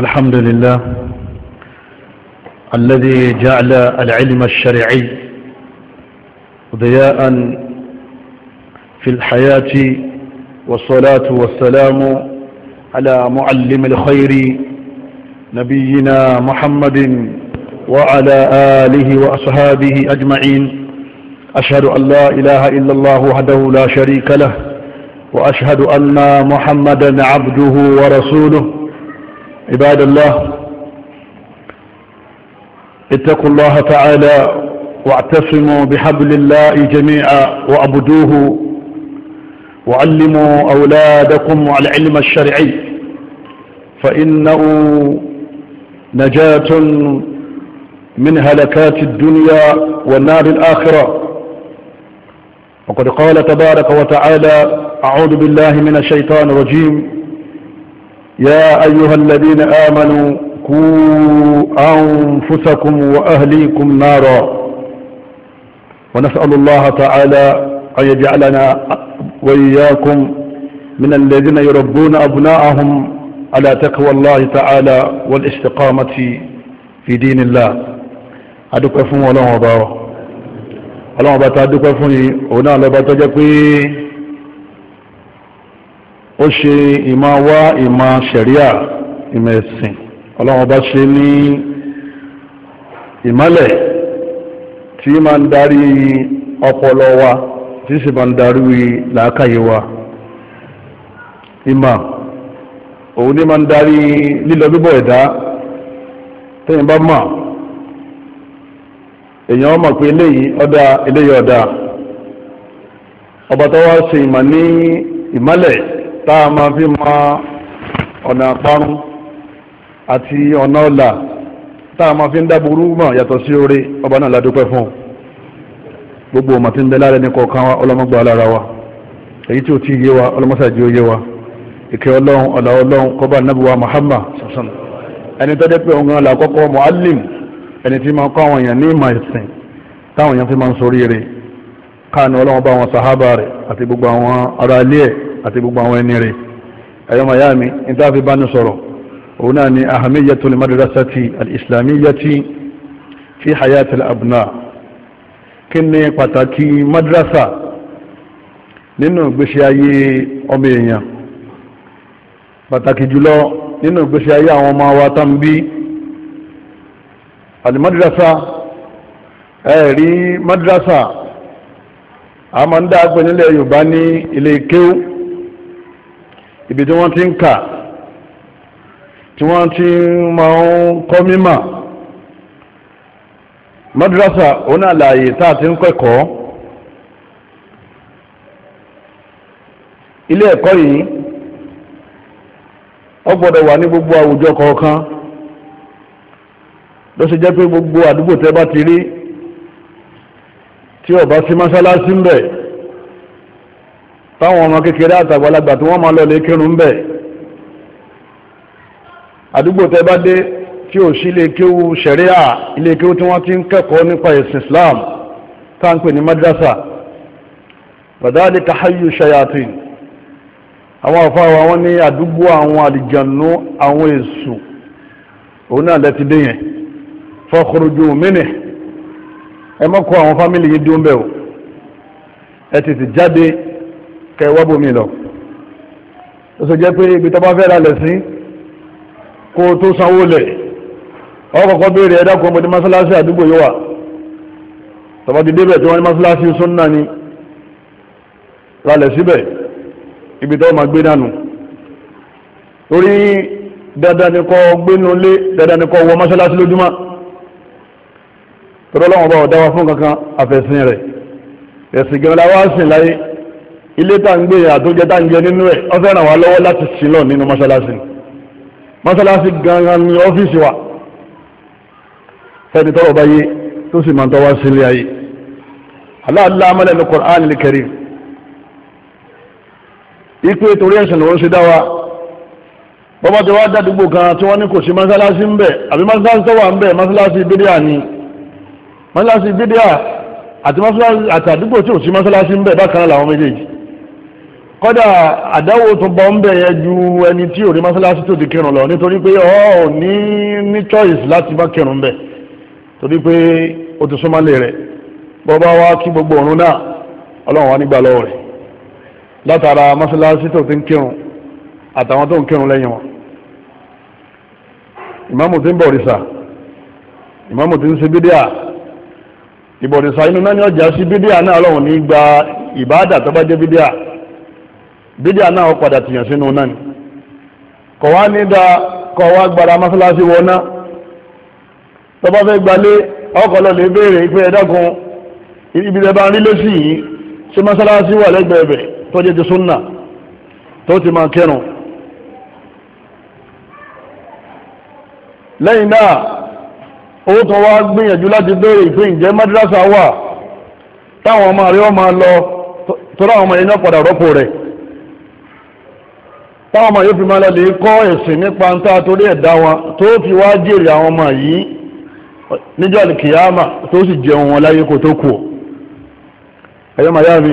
الحمد لله الذي جعل العلم الشرعي ضياء في الحياة والصلاة والسلام على معلم الخير نبينا محمد وعلى آله وأصحابه أجمعين أشهد أن لا إله إلا الله وحده لا شريك له وأشهد أن محمدا عبده ورسوله عباد الله اتقوا الله تعالى واعتصموا بحبل الله جميعا وعبدوه وعلموا أولادكم العلم الشرعي فإنه نجاة من هلكات الدنيا والنار الآخرة وقد قال تبارك وتعالى أعوذ بالله من الشيطان الرجيم يا أيها الذين آمنوا كوا أنفسكم وأهليكم نارا ونسأل الله تعالى أن يجعلنا وإياكم من الذين يربون أبناءهم على تقوى الله تعالى والاستقامة في دين الله أدوك فهم ولا مباوة ولا مباوة أدوك فهم ولا مباوة ó ṣe ìmọ̀ wá ìmọ̀ ṣẹ̀ríà ìmọ̀ ẹ̀sìn ọlọ́run bá ṣe ní ìmọ̀lẹ̀ tí máa ń darí ọpọlọ wa tí sì máa ń darí làákàyè wa ìmọ̀ òun ní máa ń darí lílọ bíbọ̀ ẹ̀dá tẹ́yìn bá mọ̀ èèyàn mọ̀ pé eléyìí ọ̀dà eléyìí ọ̀dà ọba tó wá ṣe ìmọ̀ ní ìmọ̀lẹ̀ tá a máa fi mọ ọ̀nà àparun àti ọ̀nà ọ̀là tá a máa fi ń dábòrú mọ̀ yàtọ̀ sí oore ọba náà ládùúpẹ́ fún gbogbo ọmọ tí ń bẹ ẹni kọ̀ọ̀kan wa ọlọ́mọgbà alára wa èyí tí ò tí ì yé wa ọlọ́mọsàjì ó yé wa ìkẹ́ ọlọ́run ọ̀là ọlọ́run kọ́ba nàbíwá Muhammad sọ̀sọ̀nà ẹni tó dé pé òun ọ̀là àkọ́kọ́ muallim ẹni tí máa kọ́ àwọn èèyàn ní ìmọ̀ ẹ̀sìn táwọn èèyàn fi máa ń soríire káàní ọlọ́run bá wọn sàhábà rẹ̀ àti gbogbo àwọn ará ilé ẹ̀ àti gbogbo àwọn ẹni rẹ̀ ẹ̀yọ́ mayami níta fi bá ní sọ̀rọ̀ òun náà ni ahamiyatul madrasati al-islamiyati fi hayatil abna kí ni pàtàkì madrasa nínú ìgbésí ayé ọmọ èèyàn pàtàkì jùlọ nínú ìgbésí ayé àwọn ọmọ wa tán bí alimadrasa ẹ̀rí madrasa a máa ń dá àgbẹ̀ yorùbá ní ilé kéwú ibi tí wọ́n ti ń kà tí wọ́n ti máa ń kọ́ mímọ̀ madrasa òun àlàyé tá a ti ń kẹ́kọ̀ọ́ ilé ẹ̀kọ́ yìí ó gbọ́dọ̀ wà ní gbogbo àwùjọ kọ̀ọ̀kan ló ṣe jẹ́ pé gbogbo àdúgbò tẹ́ bá ti rí tí ó sí mọ́sálásí ń bẹ táwọn ọmọ kékeré àtàgbàlagbà tí wọ́n máa lọ lè kírun bẹ̀ àdúgbò tẹ́ bá dé tí ò sí ilé kéwú ṣẹ̀ríà ilé kéwú tí wọ́n ti ń kẹ́kọ̀ọ́ nípa ẹ̀sìn Islam tá à ń pè ní madrasa bàdáàlì kahayu shayatin àwọn àfáwà wọn ní àdúgbò àwọn àlìjànú àwọn èṣù òun náà lẹ́ti dé yẹn fọ́kùrùjù mínì ẹ mọ́kọ àwọn fámìlì yìí dúnbẹ̀ ẹ tètè jáde kẹwọ́ bomi lọ ó sì jẹ́ pé ibi tó bá fẹ́ ra lẹ̀ sí kó o tó sanwó lẹ̀ ọkọ̀kọ́ béèrè ẹ̀dá kan mọ̀dé mọ́sálásí àdúgbò yóò wà tọba ti débẹ̀ tí wọ́n ní mọ́sálásí súnnà ni lálẹ̀ síbẹ̀ ibi tó máa gbé dànù torí dandan ni kó gbénu lé dandan ni kó wọ mọ́sálásí lójúmọ́ tọ́lọ́wọ́n bá ọ̀dáwà fún kankan àfẹ̀sìn rẹ̀ ẹ̀sìn gẹ̀rẹ́lá wá sìn láyé ilé tá ń gbé àtúnjẹ tá ń jẹ nínú ẹ̀ ó fẹ́ ràn wá lọ́wọ́ láti sílọ̀ nínú mọ́ṣáláṣí mọ́ṣáláṣí gangan ní ọ́fíìsì wa fẹ́ni tọ́rọ báyé tó sì máa tọ́wá sílé ayé aláàlá amẹ́lẹ̀ ní Qur'an al-Karim ipe torí ẹ̀sìn ló ń ṣe dáwa bọ́bá ti wá dádúgbò kan tí wọ́n ní kò sí mọ́ṣáláṣí ń bẹ̀ àbí mọ́ṣáláṣí tó wà ń bẹ̀ mọ́ṣáláṣí bídíà ni mọ́ṣáláṣí bídíà àti àdúgbò tí ò sí mọ́ṣáláṣí ń bẹ̀ bákan náà làwọn méjèèjì kódà àdáwò tó bọ́ ń bẹ̀yẹ ju ẹni tí ò rí mọ́sálásí tó ti kírun lọ nítorí pé ọ ò ní ní choice láti bá kírun bẹ̀ torí pé o ti súnmọ́lé rẹ̀ bọ́ bá wá kí gbogbo òun náà ọlọ́run wá nígbà lọ́wọ́ rẹ̀ látara mọ́sálásí tó ti ń kírun àtàwọn tó ń kírun lẹ́yìn wọn ìmáàmù ti ń bọ̀ òrìṣà ìmáàmù ti ń ṣe bídíà ìbọ̀rìṣà inú náà ni ọjà sí bídíà náà ọlọ́run ní gba ìbáàdà tó bá jẹ́ bídíà bídíà náà ó padà tìyàn sínú náà ni kọ̀ wá ní dáa kọ̀ wá gbára mọ́sálásí wọná tọ́ba fẹ́ gbalé lọ lè béèrè ibi tẹ́ bá ń rí yìí ṣé mọ́sálásí wà tó jẹ́ ti súnà tó ti máa kẹrùn. lẹ́yìn náà madrasa wà táwọn ọmọ máa lọ ọmọ yẹn táwọn ọmọ yóò fi máa lọ lè kọ́ ẹ̀sìn nípa ń tá torí ẹ̀dá wọn tó fi wá jèrè àwọn ọmọ yìí níjọ́ àlùkìyàmà tó sì jẹun wọn láyé kò tó kù ọ́ ẹ̀yọ́ mi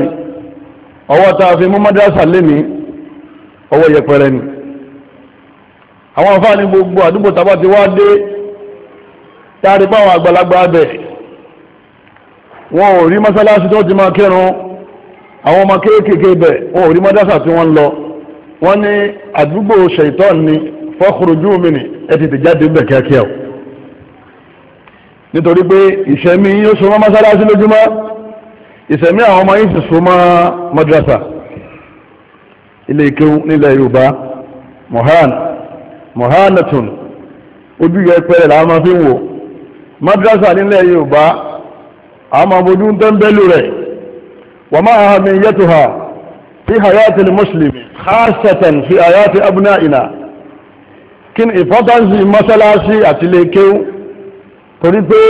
ọwọ́ tá fi mú mọ́dásà lémi ọwọ́ yẹpẹrẹ ni àwọn afáà ní gbogbo àdúgbò tábà ti wá dé táàrí báwọn àgbàlagbà abẹ wọn ò rí mọ́sálásí tó ti máa kírun àwọn ọmọ kéékèèké bẹ̀ wọn ò rí mọ́dásà tí wọ́n ń wọ́n ní àdúgbò ṣèitán ni fọ́kùrùjú mi ni ẹ ti tẹ̀jáde bẹ̀ kíákíá o nítorí pé ìṣẹ̀mí yóò so mọ́ mọ́sálásí lójúmọ́ ìṣẹ̀mí àwọn ọmọ yìí sì so mọ́ madrasa ilé ìkéwù nílẹ̀ yorùbá mohan mohanatun ojú yẹpẹrẹ làwọn máa fi ń wò madrasa nílẹ̀ yorùbá àwọn ọmọ ojú ń tẹ́ńbẹ́lú rẹ̀ wàmáhàmì yẹtùhà في حياة المسلم خاصة في حياة أبنائنا kí ni importance mọ́ṣáláṣí àti ilé kéwú torí pé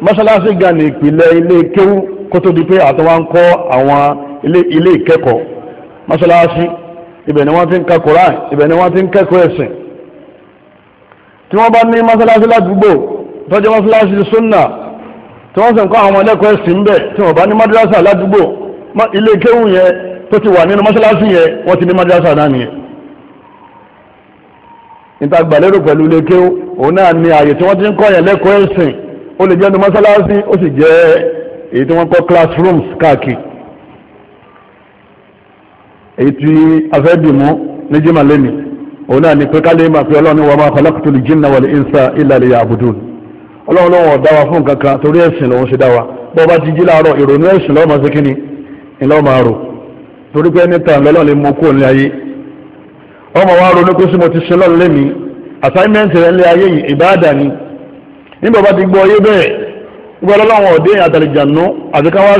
mọ́ṣáláṣí gan ni ìpìlẹ̀ ilé kéwú kó tó di pé àtọwá ń kọ́ àwọn ilé ìkẹ́kọ̀ọ́ mọ́ṣáláṣí ibẹ̀ ni wọ́n ti ń ka koran ibẹ̀ ni wọ́n ti ń kẹ́kọ̀ọ́ ẹ̀sìn tí wọ́n bá ní mọ́ṣáláṣí ládùúgbò tọ́jú mọ́ṣáláṣí sunna tí wọ́n sì ń kọ́ àwọn ọmọdé ẹ̀kọ́ ẹ̀sìn bẹ́ẹ̀ tí wọ́n bá ní madrasa ládùúgbò ilé kéwú yẹn tó ti wà nínú mọ́ṣáláṣí yẹn wọ́n ti ní madrasa náà nìyẹn níta gbàlérò pẹ̀lú lékè òun náà ní ààyè tí wọ́n ti ń kọ́ yẹn lẹ́kọ̀ọ́ ẹ̀sìn ó lè jẹ́ nínú mọ́ṣáláṣí ó sì jẹ́ èyí tí wọ́n kọ́ classrooms káàkiri èyí tí afẹ́dìmú ní jimá lẹ́nu òun náà ní pé kálí máa fi ọlọ́run wa ma khalaqtul jinna wal insa illa liya'budun ọlọ́run lọ́wọ́ dá torí pé anytime lọ́lọ́ lè mú kó ní ayé ọmọ wa ronú pé sí mo ti ṣe lọ́run lémi assignment rẹ̀ lé ayé yìí ìbáàdà ni nígbà bá ti gbọ́ ayé bẹ́ẹ̀ gbọ́ lọ́lọ́wọ́n òde àtàlìjànú àti káwá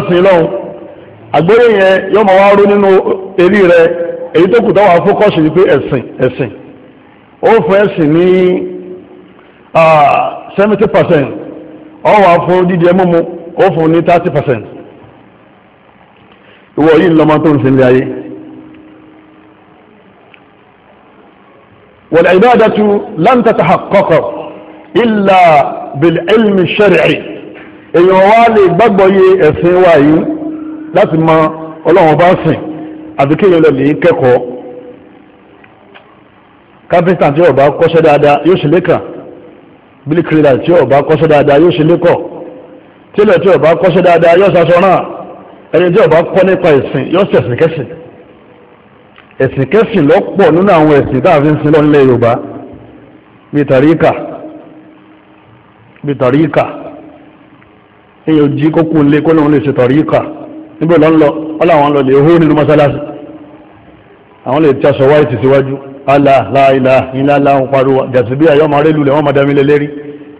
lọ́hùn yẹn nínú eré rẹ èyí tó kù táwọn afọ́kọ́sì ìwọ yìí ń lọ́mọ tó ń ṣe ilé ayé wal ibadatu lan tatahaqqa illa bil ilmi shar'i èèyàn wá lè gbàgbọ́ yé ẹ̀sìn wa yìí láti mọ ọlọ́run bá sìn àti kéèyàn lọ lè kẹ́kọ̀ọ́ kápẹ́ntà tí ọba kọ́ṣẹ́ dáadáa yóò ṣe lékàn bílíkìrìdà tí ọba kọ́ṣẹ́ dáadáa yóò ṣe lékọ̀ tílẹ̀ tí ọba kọ́ṣẹ́ dáadáa yóò ṣaṣọ náà ẹni tí ọba kọ́ nípa ẹ̀sìn yóò ṣe ẹ̀sìn kẹ́sìn ẹ̀sìn kẹ́sìn lọ́pọ̀ nínú àwọn ẹ̀sìn tá a fi ń sin lọ́nlẹ̀ yorùbá bíi tàríkà bíi tàríkà èyàn jí kókó ńlé kó lóun lè ṣe tàríkà níbo lọ́n lọ ọláwọn lọ lè hó nínú mọ́sálásí àwọn lè tí aṣọ wáìtì síwájú alá láìlá ilá láwọn pariwo jàsíbí àyọ́mọ arélù lẹ́wọ́n máa dámi lélẹ́rí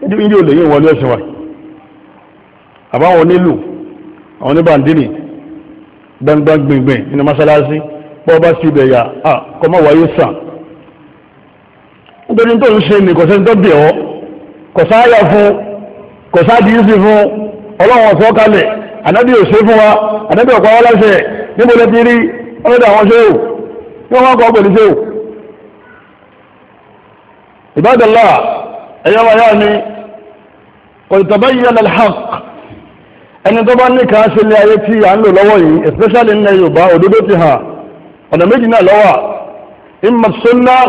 ní ìdí òlè yìí wọlé ẹ̀sìn wa àbáwọn onílù àwọn oníbàndínì gbangba gbìngbìn nínú mọ́sálásí bọ́ bá sí ibẹ̀ yà á kọ́ mọ́ wáyé sàn nítorí tó ń ṣe ní kò sẹ́ni tó bẹ̀ ọ́ kò sáyà fún kò sáàdì yìí sí fún ọlọ́run ọ̀fọ́ kalẹ̀ ànábì ò ṣe fún wa ànábì ọ̀pá wọn láṣẹ níbo lẹ́ ti rí ọlọ́dọ̀ àwọn ṣe ò ní wọ́n kọ́ pẹ̀lú ṣe ò ìbádọ́lá ẹ̀yọ́ wa yá ni kò tàbáyé yẹn lẹ́lẹ́ hàk ẹni tó bá ní ká ṣe ilé ayé tí à ń lò lọ́wọ́ yìí especially ní Yorùbá òdodo ti hàn ọ̀nà méjì náà lọ́wọ́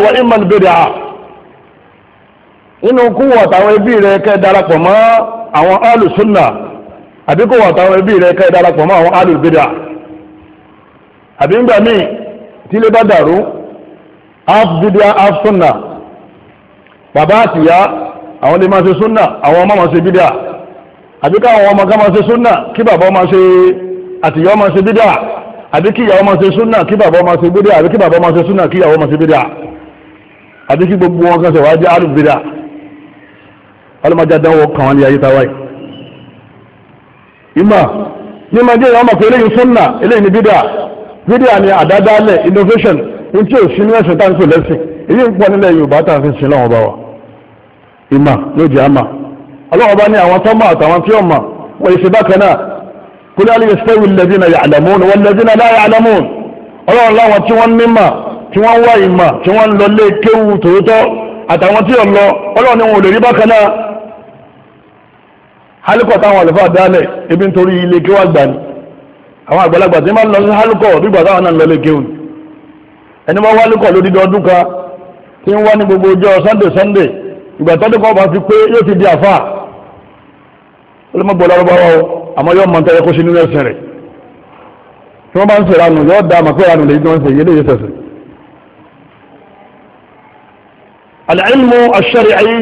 wa imma bid'ah nínú kú wọ̀ táwọn ẹbí rẹ kẹ́ darapọ̀ mọ́ àwọn alu sunna àbí kó wọ̀ táwọn ẹbí rẹ kẹ́ darapọ̀ mọ́ àwọn alu bid'ah àbí ń gbà tí bá dàrú half bid'ah half sunna bàbá àtìyá àwọn lè máa ṣe sunna àwọn ọmọ máa ṣe àbí káwọn ọmọ ká máa ṣe súnà kí bàbá máa ṣe àtìyàwó máa ṣe bídà àbí kí ìyàwó máa ṣe súnà kí bàbá máa ṣe bídà àbí kí bàbá máa ṣe súnà kí ìyàwó máa ṣe bídà àbí kí gbogbo wọn kan ṣe wáá jẹ alùbídà ọlọmọdé adáwọ kàn wọn ní ayé táwa yìí. ìmọ̀ ní ma jẹ́ ìyàwó máa pé eléyìí súnà eléyìí ní bídà bídà ni àdádálẹ̀ innovation ní tí ò sínú ẹ̀sìn táǹkì lẹ́sìn èyí ń pọ̀ nílẹ̀ Yorùbá táǹkì sí lọ́wọ́ bá wa ọlọ́wọ́ bá ní àwọn tó mọ̀ àtàwọn tí ó mọ̀ wọ́n èsì bákan náà kul hal yastawi alladhina ya'lamun walladhina la ya'lamun ọlọ́wọ́ láwọn tí wọ́n ní mà tí wọ́n wá ìmà tí wọ́n lọ lé kéwù tòótọ́ àtàwọn tí ni wọn ò lè rí ebi nítorí ilé àwọn àgbàlagbà tí lọ sí bí gbà táwọn náà lọ lé kéwù ẹni ti di àfáà olùmọ̀gbọ̀ lọ́rọ́báwá o àmọ́ yóò mọ̀ tẹ́lẹ̀ kó ṣe nínú ẹ̀sìn rẹ̀ tí wọ́n bá ń sèrànù yóò dá àmọ́ pé ìrànù lè jọ ń sèyí lè yé sẹ̀sìn. àlẹ́ìlmù àṣẹrì ayé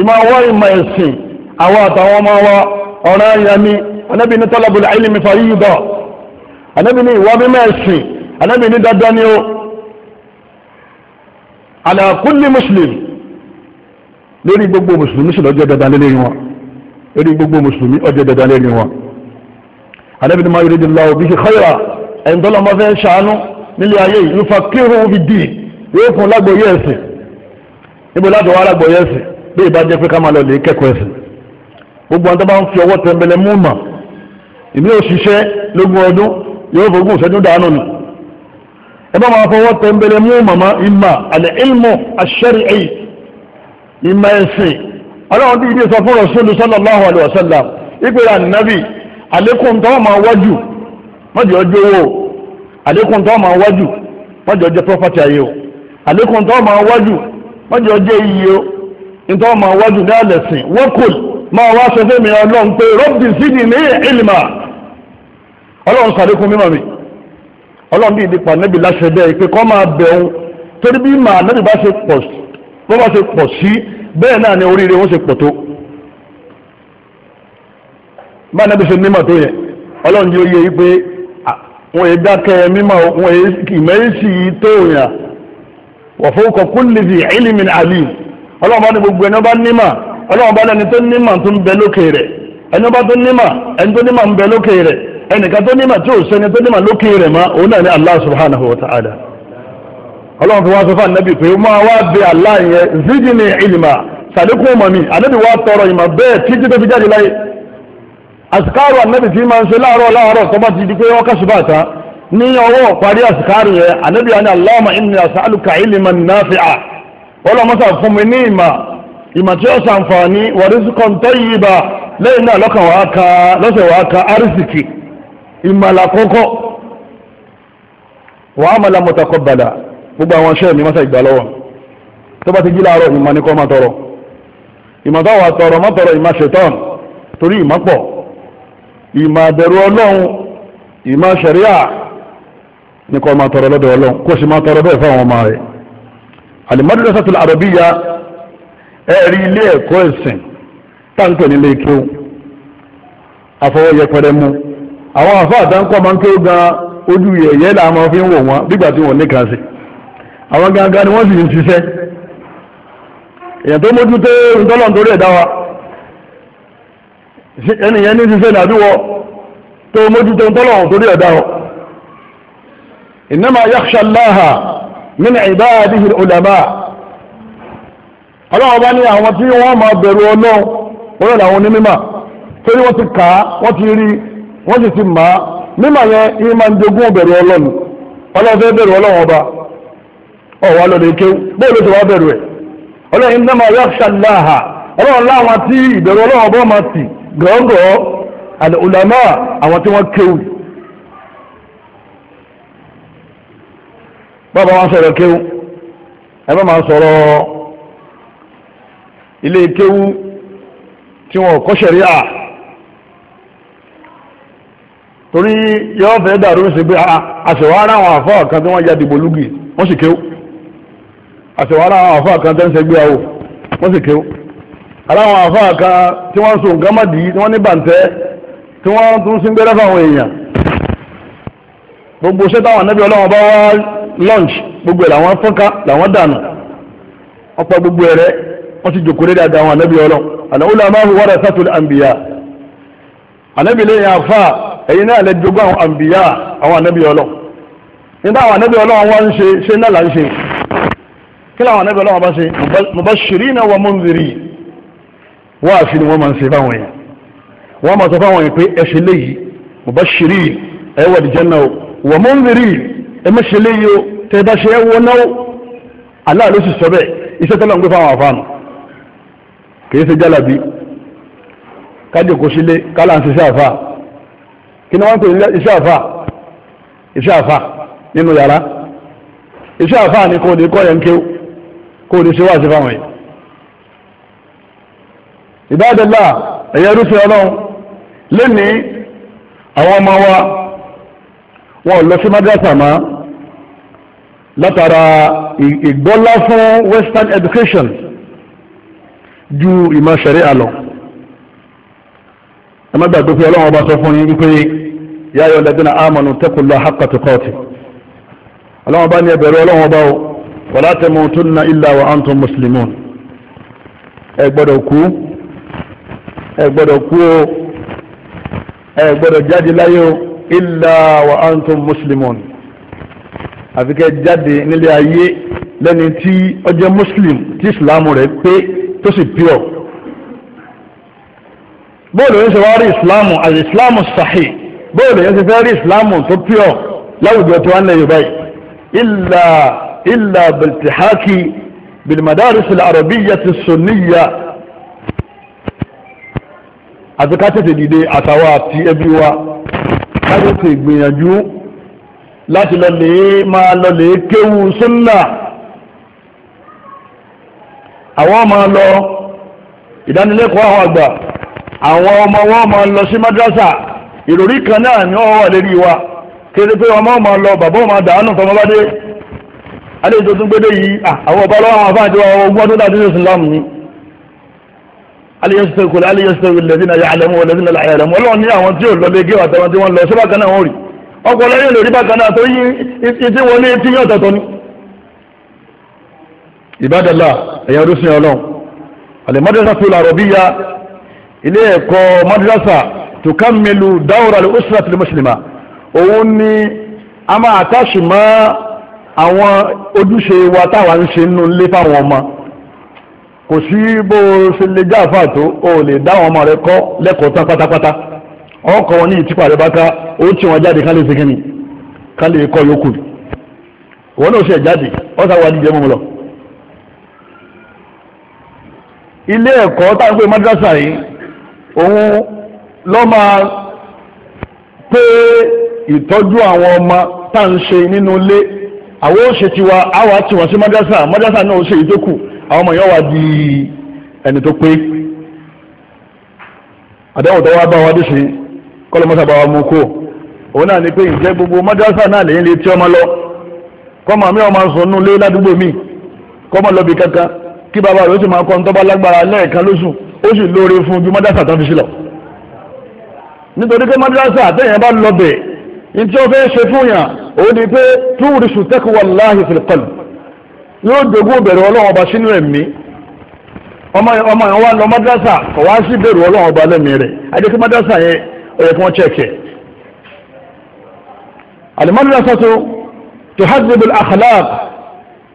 ìmọ̀ wá ìmọ̀ ẹ̀sìn àwọn àtàwọn ọmọ wa ọ̀rọ̀ ayami anábì ní tọ́lábù àìlèmí fàyíyùdọ̀ anábì ní ìwà mímọ̀ ẹ̀sìn anábì ní dandan ni ó ala kulli lórí gbogbo mùsùlùmí sì lọ́jọ́ dandan lé lórí gbogbo mùsùlùmí ọjọ́ dandan lẹ́nu wọn. Ànábì ní ma yuridillahu bihi khayra ẹ̀yìn tó lọ́mọ fẹ́ ṣàánú nílé ayé yìí yufaqihu fi din yóò fún lágbóyè ẹ̀sìn níbo láti wá lágbóyè ẹ̀sìn bí ìbá jẹ́ pé ká máa lọ lè kẹ́kọ̀ọ́ ẹ̀sìn. gbogbo àwọn tó bá ń fi ọwọ́ tẹ̀mbẹ̀lẹ̀ mú mà ìmí òṣìṣẹ́ lógún ọdún yóò fogún ìṣẹ́jú dànù nù ẹ bá máa fọwọ́ tẹ̀mbẹ̀lẹ̀ mú màmá ìmà àlẹ́ ilmu ash ìmà ẹ̀sìn ọlọ́run tí ibi sọ fún rasúlù sallallahu alaihi wasallam ìpèrè ànábì àlékún tó máa wájú mọ́jọ́ ọjọ́ owó àlékún tó máa wájú mọ́jọ́ ọjọ́ pọ́fàtì ayé o àlékún tó máa wájú mọ́jọ́ ọjọ́ iye o nítorí ọmọ wájú ní àlẹ́sìn wọ́kùl máa wá sọ fún mi ọlọ́run pé rọ́bì sídì ní ìlmà ọlọ́run sàlékún mímọ̀ mi ọlọ́run bí ìdípa níbi láṣẹ bẹ́ẹ̀ pé kọ́ máa bẹ̀rù torí bí màá níbi bá ṣe pọ̀ sí bẹ́ẹ̀ náà ni oríire wọn ṣe pọ̀ tó báyìí náà bí ṣe mímọ̀ tó yẹ ọlọ́run yóò yẹ pé wọn yìí dákẹ́ mímọ̀ wọn yìí ìmẹ́sì tó yàn wọ̀ fún kọ̀kún lèvi ìlìmì àlì ọlọ́run bá ní gbogbo ẹni bá nímọ̀ ọlọ́run bá lẹni tó nímọ̀ tó ń bẹ lókè rẹ̀ ẹni bá tó nímọ̀ ẹni tó nímọ̀ ń bẹ lókè rẹ̀ ẹnìkan tó nímọ̀ tí ò sẹni tó nímọ̀ lókè rẹ̀ mọ́ òun náà ni Allah ta'ala. ọlọ́run fi wá sọ fún anabi pé máa wá bẹ Allah yẹn zidni ilma sàlékún mọ̀ mi anabi wá tọrọ ìmọ̀ bẹ́ẹ̀ títí tó fi jáde láyé àsìkáàrù anabi ti máa ń ṣe láàárọ̀ láàárọ̀ tó bá ti di pé wọ́n kásù bá ta ní ọwọ́ parí àsìkáàrù yẹn anabi àni Allahumma inni as'aluka ilman nafi'a ọlọ́mọsà fún mi ní ìmọ̀ ìmọ̀ tí ó ṣàǹfààní wa rizqan gbogbo àwọn iṣẹ́ mi mọ́sá ìgbà lọ́wọ́ tó bá ti jí láàárọ̀ ìmọ̀ ní kọ́ máa tọrọ ìmọ̀ tó wà tọrọ mọ́ tọrọ ìmọ̀ ṣetán torí ìmọ̀ pọ̀ ìmọ̀ àbẹ̀rù ọlọ́run ìmọ̀ ṣẹ̀ríà ní kọ́ máa tọrọ lọ́dọ̀ ọlọ́run kó sì máa tọrọ bẹ́ẹ̀ fáwọn ọmọ rẹ̀ al-madrasatul arabiyya ẹ̀rí ilé ẹ̀kọ́ ẹ̀sìn táǹpẹ̀ nílé kí ó àfọwọ́ yẹpẹrẹ àwọn àfáà táǹkọ́ máa ń kí gan ojú yẹ̀yẹ́ làwọn fi ń wò wọ́n bígbà tí wọ́n ní kan sí àwọn gangan ni wọ́n sì ń ṣiṣẹ́ to tó mójútó ìtọ́lọ̀ nítorí ẹ̀dá wa ya ní ṣiṣẹ́ nàbíwọ tó mójútó ìtọ́lọ̀ nítorí ẹ̀dá wa innama yakhsha Allaha min ibadihi al-ulama bá ní àwọn tí wọ́n máa bẹ̀rù ọlọ́run wọ́n yọ̀ làwọn onímọ̀ torí wọ́n ti kà á wọ́n ti rí wọ́n sì ti mà á ọ̀wá lọ́dẹ kéwú bóyá ló ti wá bẹ̀rù ẹ̀ ọlọ́run náà máa yakhsha Allaha ọlọ́run láwọn tí ìbẹ̀rù ọlọ́run bọ́ máa tì gọ́ngọ́ al-ulama àwọn tí wọ́n kéwú. bàbá wọn sọ̀rọ̀ kéwú ẹ bá máa sọ̀rọ̀ ilé kéwú tí wọn torí yọ́ọ̀fẹ́ dàrú pé ah, ah, àwọn kan tí wọ́n ya dìbò lùgì wọ́n sì àṣewàrà àwọn àfáà kan tẹ́ ń ṣẹgbẹ́ àwò wọ́n sì kéwò ara àwọn àfáà kan tí wọ́n ń so nǹkan mọ̀dí tí wọ́n ní bàǹtẹ́ tí wọ́n tún sí gbẹ́rẹ́ fáwọn èèyàn gbogbo ṣẹ́ táwọn anábì ọlọ́wọ́n bá wá lunch gbogbo ẹ̀ làwọn fọ́nká làwọn dànù wọ́n pa gbogbo ẹ̀rẹ́ wọ́n ti jòkó lédè àdá àwọn anábì ọlọ́ àná ó làmá hu wàrà sátúlù àǹbìyà anábì lẹ́yìn àfà ẹ̀yin náà lè jogún àwọn àǹbìyà àwọn anábì ọlọ́ nígbà àwọn anábì ọlọ́wọ́n wá ń ṣe ṣe náà là ń ṣe kí làwọn anábì ọlọ́wọ́n bá ṣe mubashirina wa munziri wá àfi ni wọ́n máa ń ṣe báwọn yẹn wọ́n máa sọ fáwọn yẹn pé ẹ ṣe léyìí mubashirin ẹ wà di janna o wa munziri ẹ má ṣe léyìí o tẹ bá ṣe ẹ wọ náà Allah sì sọ bẹ́ẹ̀ iṣẹ́ tọ́lọ́ ń gbé fáwọn àfáànù kì í ṣe jálàbí kájòkó sílé kálá ń ṣiṣẹ́ àfáà kí ni wọ́n pè iṣẹ́ àfáà iṣẹ́ àfáà nínú yàrá iṣẹ́ àfáà ni kò ní kọ́ yẹn kéwù kó o lè ṣe wá sí fáwọn yìí ìbádọ́lá ẹ̀yẹ rúfẹ́ ọlọ́run lónìí àwọn ọmọ wa wọn lọ sí madrasa ma látara ìgbọ́lá fún western education ju ìmọ̀ ṣẹ̀ríà lọ ẹ má gbàgbé pé ọlọ́run ọba sọ fún yín wípé yáyọ lẹ́dínà amanu tẹ́kùlá haqqa tuqati ọlọ́run ọba ní ẹbẹ̀rẹ̀ ọlọ́run ọba o wala tamutunna illa wa antum muslimun ẹ gbọ́dọ̀ kú ẹ gbọ́dọ̀ kú o ẹ gbọ́dọ̀ jáde láyé o illa wa antum muslimun àfi kẹ́ jáde nílé ayé lẹ́ni tí ó jẹ́ muslim tí ìsìlámù rẹ̀ pé tó sì pure bóòlù yẹn ṣe wá rí ìsìlámù àti ìsìlámù sahih bóòlù yẹn ṣe fẹ́ rí ìsìlámù tó pure láwùjọ tí wọ́n ń lẹ́yìn báyìí إلا بالتحاك بالمدارس العربية السنية àti ká tètè dìde àtàwọn àti ẹbí لا ká ما gbìyànjú كيو سنة máa lọlé kéwú súnnà àwọn máa lọ ìdánilẹ́kọ̀ọ́ àwọn àgbà àwọn ọmọ wọn máa lọ sí madrasa ìròrí kan náà ni wọ́n wà lérí wa kéré pé ọmọ máa lọ bàbá máa dàánù tọmọbádé alẹ́ tó tún gbédé yìí àwọn ọba lọ́wọ́ àwọn afáàdé wa ogún ọdún dáadé ní ìsìlámù ni alẹ́ yẹn sọ kò alẹ́ yẹn sọ lẹ́sìn náà yàlẹ́mú lẹ́sìn náà yàlẹ́mú ọlọ́run ní àwọn tí ò lọ bẹ́ẹ̀ gé àtàwọn tí wọ́n lọ síbà kan náà wọ́n rí ọkọ̀ lórí bákan tó àwọn ojúṣe wa táwa ń ṣe nínú ilé fáwọn ọmọ kò sí bó ṣe lè já àfà tó o lè dá àwọn ọmọ rẹ kọ́ lẹ́kọ̀ọ́ tán pátápátá ọkọ wọn ní ìtìpá rẹ bá ká ó tì wọn jáde ká lè segin ni ká wọn náà ṣe jáde wọn sáwọn adìjẹ mọ lọ. ilé ẹ̀kọ́ táwọn pé madrasa yìí òun lọ́ máa pé ìtọ́jú àwọn ọmọ tá à ń ṣe nínú ilé àwọn òṣè tiwa àwa tí wọ́n sí madrasa madrasa náà ó ṣe èyí àwọn ọmọ yẹn wà di ẹni tó pé àdáwò tó wá bá wa dìṣe kọ́lọ́mọ́sá bá wa mú kó òun náà ni pé ìjẹ́ gbogbo madrasa náà lẹ́yìn lè tí ọmọ lọ kọ́mọ mi ọmọ sọ nù lé ládùúgbò mi kọ́mọ lọ bí kankan kí bàbá rẹ̀ ó sì máa kọ́ ntọ́ba lágbára lẹ́ẹ̀kan lóṣù ó sì lóore fún ju madrasa tán fi sílọ nítorí pé madrasa àtẹ̀yìn bá lọ bẹ̀ẹ́ ntí o fẹ́ ṣe fún yàn ó ní pé túwùrì sùtẹ́kù wàláhì fìlìkọ́lù yóò dogún bẹ̀rù ọlọ́run ọba sínú ẹ̀mí ọmọ ọmọ yẹn wá lọ madrasa kò wá sí bẹ̀rù ọlọ́run ọba lẹ́mí rẹ̀ adékè madrasa yẹn ó yẹ kí wọ́n chẹ́kẹ̀. alimadrasa tó tuhazibul akhlaq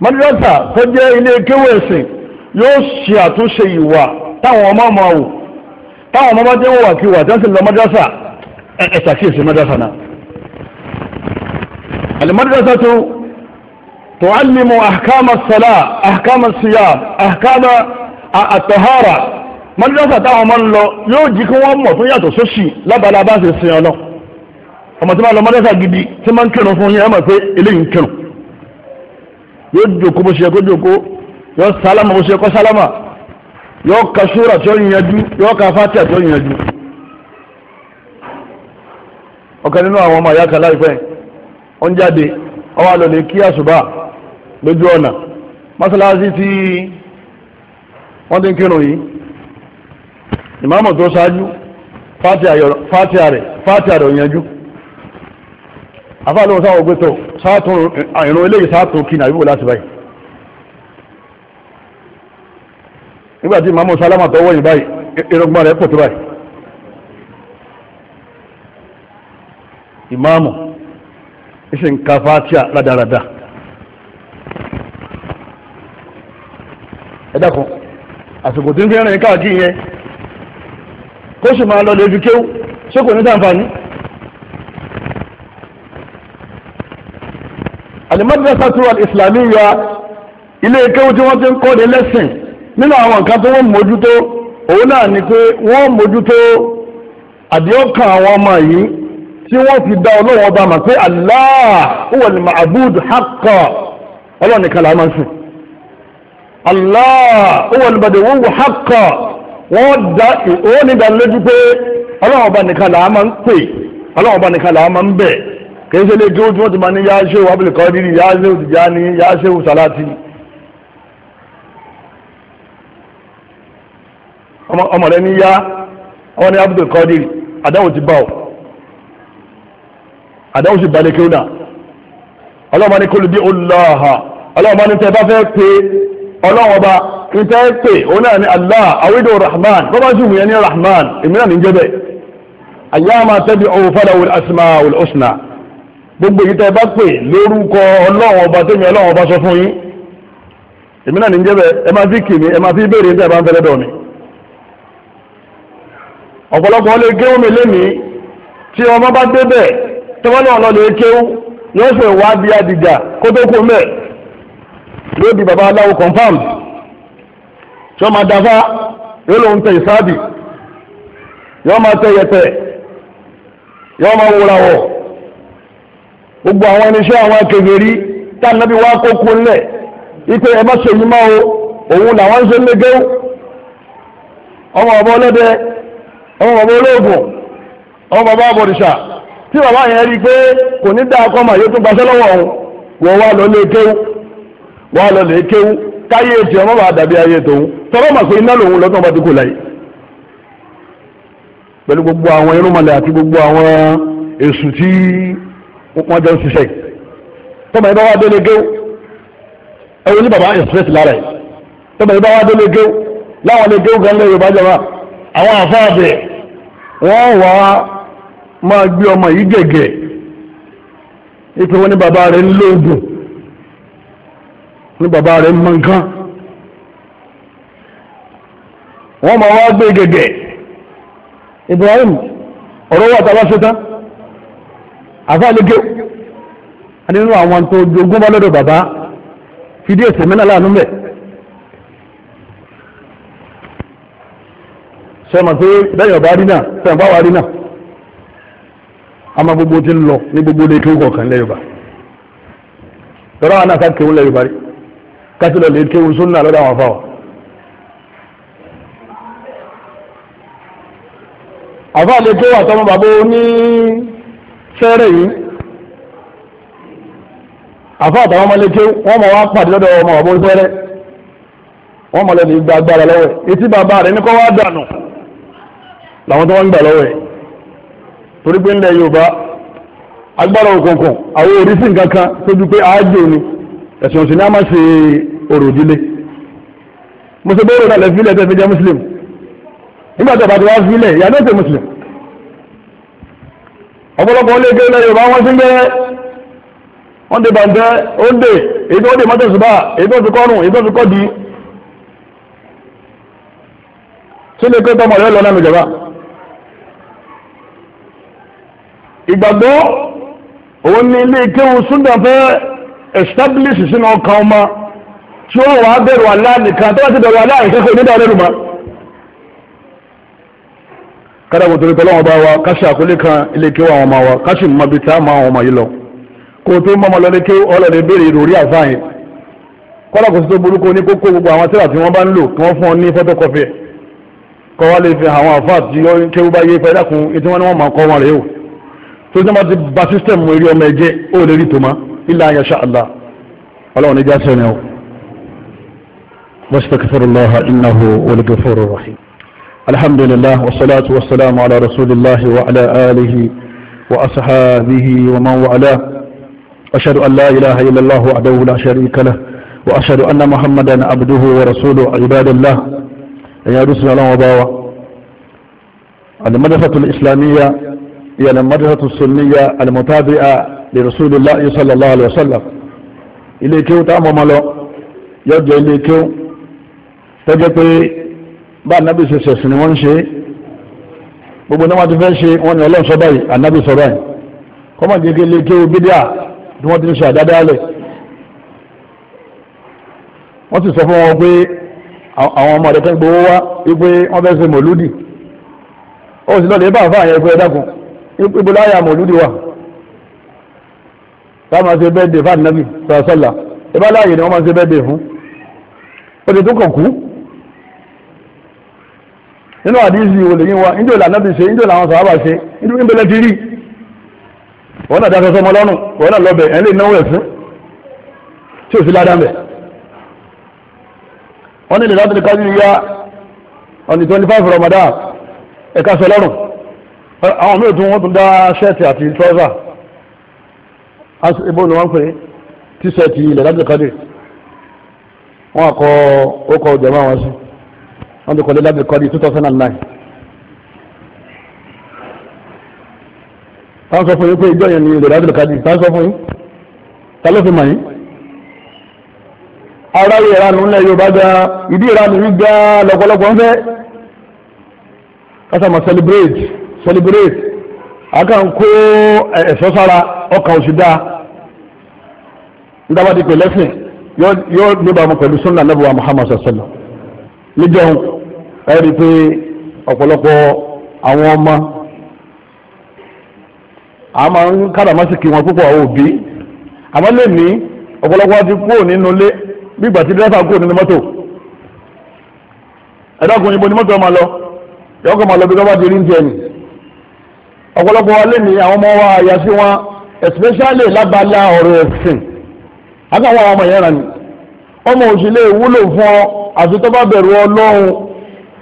madrasa tó jẹ́ ilé kéwù ẹ̀sìn yóò ṣe àtúnṣe ìwà táwọn ọmọ ọmọ wò táwọn ọmọ bá jẹ́ wọ̀wà kí wà tí wọ́n sì madrasa ẹ̀ ẹ̀ madrasa náà المدرسة تعلم أحكام الصلاة أحكام الصيام أحكام الطهارة mọ́dúnlọ́sà táwọn ọmọ ń lọ yóò jí kí wọ́n mọ̀ tó yàtọ̀ sóṣì lábala bá ṣe sin ọlọ́ ọmọ tí wọ́n lọ mọ́dúnlọ́sà gidi tí máa ń kírun fún yín ẹ mọ̀ pé eléyìí ń kírun yóò jòkó bó ṣe kó jòkó yóò sálámà bó ṣe kó sálámà yóò ka sóra tí ó yanjú yóò ka fátíà tí ó yanjú ọ̀kan nínú àwọn ọmọ àyàkà láìpẹ́ yìí ọ̀n jáde ọwọ́ àlọ́lẹ̀ kí àṣùbà lójú ọ̀nà mọ́sálásí tí wọ́n ti ń kírun yìí ìmáàmù tó ṣáájú fátíà rẹ̀ fátíà rẹ̀ òyìnjú àfáàlọ́wọ́ sáwọn ògbé tó sáàtún àìrùn eléyìí sáàtún kí nàbíbò láti báyìí nígbàtí ìmáàmù sálámà tó wọ́yìn báyìí irungbọ́n rẹ̀ pọ̀ tó báyìí ìmáàmù ìsìn ka a rádaràda ẹ dákun àsìkò tí fi lọ lójú ṣé kò ní ilé tí wọ́n ti ń kọ́ de lẹ́sìn nínú àwọn nǹkan tó wọ́n mójútó òun náà ni pé wọ́n mójútó àdéhùn tí wọ́n fi da ọlọ́wọ́ ọba ma pé Allah huwa al-ma'bud haqqan ọlọ́run nìkan máa ń Allah huwa al-badawwu haqqan wọ́n da ìhó nígbà lójú pé ọba nìkan làá máa ń pè ọba nìkan làá máa ń bẹ̀ kìí ṣe lè gé ojú wọn ti máa ní Tijani Salati ọmọ rẹ ní yá ọmọ ní Abdul ọ. àdáwò sì balẹ̀ kéwù náà ọlọ́run bá ní kólú dé ọlọ́ha ọlọ́run bá ní tẹ́ bá fẹ́ pé ọlọ́run ọba ní tẹ́ pé òun náà ní allah awídò rahman bọ́bá sì wù yẹn ní rahman èmi náà ní jẹ́bẹ̀ ayyama tẹ́bi ọ̀fọ́dà wal asma wal husna gbogbo yìí tẹ́ bá pè lórúkọ ọlọ́run ọba tẹ́mi ọlọ́run ọba sọ fún yín èmi náà ní jẹ́bẹ̀ ẹ máa fi kì ẹ máa fi béèrè tẹ́ bá ń fẹ́lẹ́ mi ọ̀pọ̀lọpọ̀ tọ́wọ́ náà lọ lè kéwú ni ó sì wá bí adìjà kó tó kú mẹ́ baba aláwo confam tí wọ́n máa dáfá yóò lòun tẹ ìsáàbì yóò máa tẹ yẹtẹ yóò máa wúra wọ̀ gbogbo àwọn irinṣẹ́ àwọn akẹ̀gẹ̀rí tá a nábì wá kókó ńlẹ̀ ipe ẹ má ṣèyí òun làwọn ń ṣe ń tí bàbá yẹn rí i pé kò ní dáa kọ́ màá yóò tún gbaṣẹ́ lọ́wọ́ òun wọ́n wá lọ lé kéwú wọ́n á lọ lé kéwú káyé etí ọmọ bá dàbí ayé tòun tọ́lọ́ mà pé iná lòun lọ́tọ́ bá ti kò láyé pẹ̀lú gbogbo àwọn irúnmọlẹ̀ àti gbogbo àwọn èṣù tí wọ́n jọ ń ṣiṣẹ́ tọ́mọ yìí bá wá délé géw ẹ̀wọ̀n ní bàbá express lára yìí tọ́mọ yìí bá wá délé máa gbé ọmọ yìí gẹ̀gẹ̀ wọn ni bàbá rẹ̀ ń lóògùn ní bàbá rẹ̀ ń mọ nǹkan wọ́n máa wá gbé gẹ̀gẹ̀ Ibrahim ọ̀rọ̀ wà tàbá ṣe tán àfáàlékè nínú àwọn tó jogún bá lọ́dọ̀ bàbá fìdí mẹ́nà láàánú mẹ́ rí ama gbogbo ti ń lọ ní gbogbo ilé kéwù kọ̀ọ̀kan lẹ́yìn bá tọ́lá wa náà ká kéwù lẹ́yìn bá rí kásì lọ lè kéwù sunna lọ́dọ̀ àwọn afáwọ̀ àfa lè kéwù àtọmọ bàbá oní fẹ́rẹ̀ yìí àfa àtàwọn ọmọ lè kéwù wọ́n mọ̀ wá pàdé lọ́dọ̀ ọmọ bàbá oní fẹ́rẹ̀ wọ́n mọ̀ lẹ́nu ìgbà agbára lọ́wọ́ etí bàbá rẹ̀ ní kọ́ wá dànù làwọn tó wọ́n gbà lọ́wọ́ torí pé ńlẹ̀ Yorùbá agbára òkùnkùn àwọn oríṣi nǹkan kan tó ju pé àájò ni ẹ̀sìn òsì ní a máa ṣe òrò mùsùlùmí òrò ìdàlẹ̀ fílẹ̀ tẹ́ fi jẹ́ muslim nígbà tí àbàtì wá fílẹ̀ ìyá náà ṣe muslim ọ̀pọ̀lọpọ̀ ilé ìgbé ńlẹ̀ Yorùbá wọ́n ti ń gbẹ́rẹ́ wọ́n ti bàǹtẹ́ ó ń dè èyí tó ń dè mọ́tò èyí tó ti kọ́rùn èyí tó ti kọ́ di sílé pé tọmọ rẹ lọ náà ìgbàgbọ́ òun ni ilé kéwu súndà fẹ́ establish sínú ọkàn ọmọ tí ó wàá bẹ̀rù aláàlìkan tó bá ti bẹ̀rù aláàlìkan kò ní dáa lẹ́nu mọ́ kada mo torí tọ́lọ́wọ́n bá wa ká ṣe àkólé kan ilé kéwu àwọn ọmọ wa ká sì mọ ibi tá a máa àwọn yìí lọ kó o tó mọ́ ọmọ lọ ní kéwu ọlọ́dẹ béèrè ìròrí àfáàyè kọ́lá kò sí tó burúkú ní kókó gbogbo àwọn tíra tí wọ́n bá ń lò kí wọ́n fún ọ ní photocopy kọ́ wa lè fi àwọn àfáà tí kéwu bá yé fẹ́ dákun ètí wọ́n ní wọ́n máa kọ́ wọn rèé o tó jẹ́ máa ti ba sísítẹ̀mù eré ọmọ ẹ̀jẹ̀ ó lè rí tòmá ilà ayàṣà àlá ọlọ́run ní jáde sẹ́ni o. wastaghfirullah innahu wal ghafurur rahim. alhamdulillah wasalaatu wasalaamu ala rasulillahi wa ala alihi wa asahabihi wa man wa ala. ashadu an la ilaha illallah wahdahu la sharika lah wa ashadu anna muhammadan abduhu wa rasuluhu ibadallah ẹ̀yin arúgbó sinalawo bá wa. al islamiyya هي المدرسة السنية المتابعة لرسول الله صلى الله عليه وسلم ilé kéwú tá a mọ̀mọ́ lọ yọjọ ilé kéwú tọ́jọ́ pé bá anábì ṣe ṣẹ̀sìn ni wọ́n ń ṣe gbogbo ní wọ́n ti fẹ́ ṣe wọ́n ní ọlọ́run sọ báyìí anábì sọ báyìí kọ́mọ̀ jẹ́ kí ilé kéwú bídíà tí wọ́n ti ń ṣe àdádálẹ̀ wọ́n sì sọ fún wọn pé àwọn ọmọ rẹ̀ kan gbowó wá wípé wọ́n fẹ́ ṣe mọ̀lúdì ó sì lọ́ọ́ lè bá àfáà yẹn pé ẹ dákun ibo láyà mọ̀lúdì wà táwọn ṣe bẹ́ẹ̀ dè fáàdì nàbì sọ̀rọ̀sọ̀là ìbá láàyè ni wọ́n máa ṣe bẹ́ẹ̀ dè fún ó ti tó kàn kú nínú àdínsì olè yín wa níjó ìlànà ti ṣe níjó làwọn sàábà ṣe níjó ìbẹ̀lẹ̀ ti rí wọn náà dáṣọ sọmọ lọ́rùn wọn náà lọ bẹ̀ ẹ̀ lè náwó ẹ̀ fún tí ò sí ládàá bẹ̀ wọ́n ní ìlànà ti kájú ya ọ̀nì twenty five Ramadan ẹ̀ka sọ lọ́rùn àwọn míì tún wọ́n tún dá ṣẹ́ẹ̀tì àti trọ́sà ibo ni wọ́n pè tíṣẹ́ẹ̀tì ilẹ̀ láti kọ́dé wọ́n àkọ́ ókọ̀ jẹ̀mọ́ àwọn sí wọ́n ti kọ́dé láti kọ́dé 2009 táwọn sọ fún yín pé ìjọ yẹn ni ilẹ̀ láti kọ́dé táwọn sọ fún yín ta ló fi mọ̀ yín ara yẹ ìranu ńlẹ̀ Yorùbá ga ìdí ìranu yìí ga lọ́pọ̀lọpọ̀ ń fẹ́ kásámọ̀ celebrate celebrate aka ń kó e, ẹ̀ṣọ́ sára ọkà oṣù dáa nígbà tí pẹ̀lẹ́ sìn yóò níbàámu pẹ̀lú sunna nabi wa muhammad sallam, níjọ́ ẹ rí i pé ọ̀pọ̀lọpọ̀ àwọn ọmọ a máa ń káràmásìkì wọn púpọ̀ àwọn òbí àmọ́ lè ní ọ̀pọ̀lọpọ̀ ti kúrò nínú ilé bí ìgbà tí dírẹ́fà kúrò nínú mọ́tò ẹ̀dá ọkùnrin ibo ni mọ́tò ọmọ lọ yọkọ̀ máa lọ bí wọ́n bá di orí ń tiẹ̀ nì ọ̀pọ̀lọpọ̀ wa ní àwọn ọmọ wa àyà sí wọn especially lábala ọ̀rọ̀ ẹ̀sìn àtàwọn ọmọ yẹn rani ọmọ òsì lè fún ọ àti tó bá bẹ̀rù ọlọ́run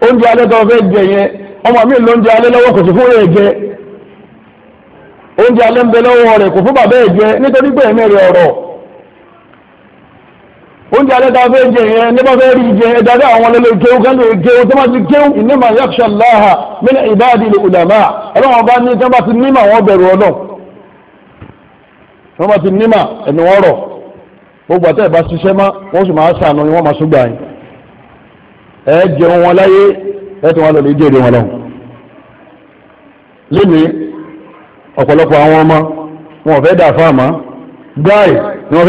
oúnjẹ alẹ́ tó fẹ́ jẹ yẹn ọmọ mi lóúnjẹ alẹ́ lọ́wọ́ kò sí fún jẹ oúnjẹ alẹ́ ń bẹ lọ́wọ́ rẹ̀ kò fún bàbá ẹ̀ jẹ nítorí oúnjẹ alẹ́ tá a fẹ́ jẹ yẹn ní fẹ́ rí jẹ ẹ dáadáa àwọn ọlọ́lọ́ géwu kánú géwu tó bá ti géwu innama yakhsha Allaha min ibadil ulama ọlọ́wọ́n bá ní tẹ́wọ́n ti nímà wọ́n bẹ̀rù ọlọ́ tẹ́wọ́n ti nímà ẹ̀nu wọn gbogbo àti ṣiṣẹ́ má wọ́n sì máa ṣàánú ni wọ́n máa ṣùgbà yín ẹ jẹun wọn láyé ẹ wọn